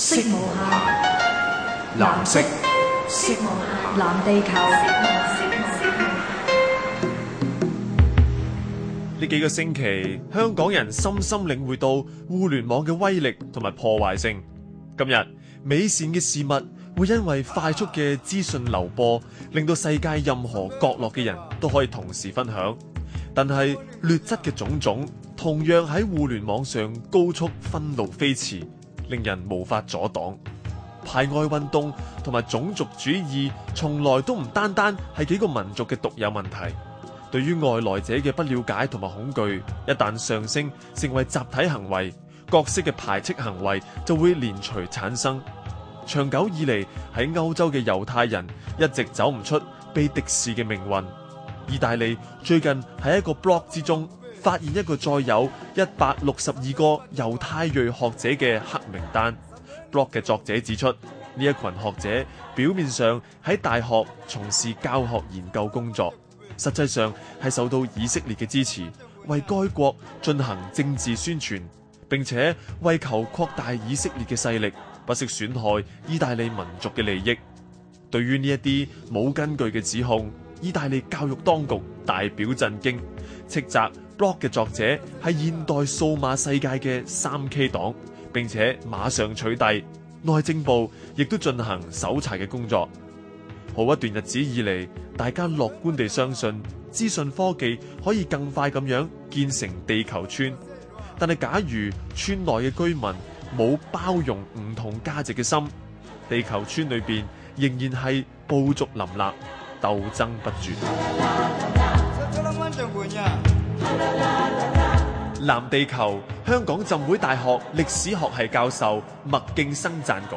色無下藍色，藍色，色無限，藍地球。呢幾個星期，香港人深深領會到互聯網嘅威力同埋破壞性。今日，美善嘅事物會因為快速嘅資訊流播，令到世界任何角落嘅人都可以同時分享。但係劣質嘅種種，同樣喺互聯網上高速分路飛馳。令人無法阻擋，排外運動同埋種族主義從來都唔單單係幾個民族嘅獨有問題。對於外來者嘅不了解同埋恐懼，一旦上升成為集體行為，各式嘅排斥行為就會連隨產生。長久以嚟喺歐洲嘅猶太人一直走唔出被敵視嘅命運。意大利最近喺一個 block 之中。發現一個再有一百六十二個猶太裔學者嘅黑名單。Blog 嘅作者指出，呢一群學者表面上喺大學從事教學研究工作，實際上係受到以色列嘅支持，為該國進行政治宣傳，並且為求擴大以色列嘅勢力，不惜損害意大利民族嘅利益。對於呢一啲冇根據嘅指控，意大利教育當局大表震驚，斥責。Blog 嘅作者係現代數碼世界嘅三 K 黨，並且馬上取締。內政部亦都進行搜查嘅工作。好一段日子以嚟，大家樂觀地相信資訊科技可以更快咁樣建成地球村。但係假如村內嘅居民冇包容唔同價值嘅心，地球村裏邊仍然係部族林立、鬥爭不絕。藍地球，香港浸會大學歷史學系教授麥勁生撰稿。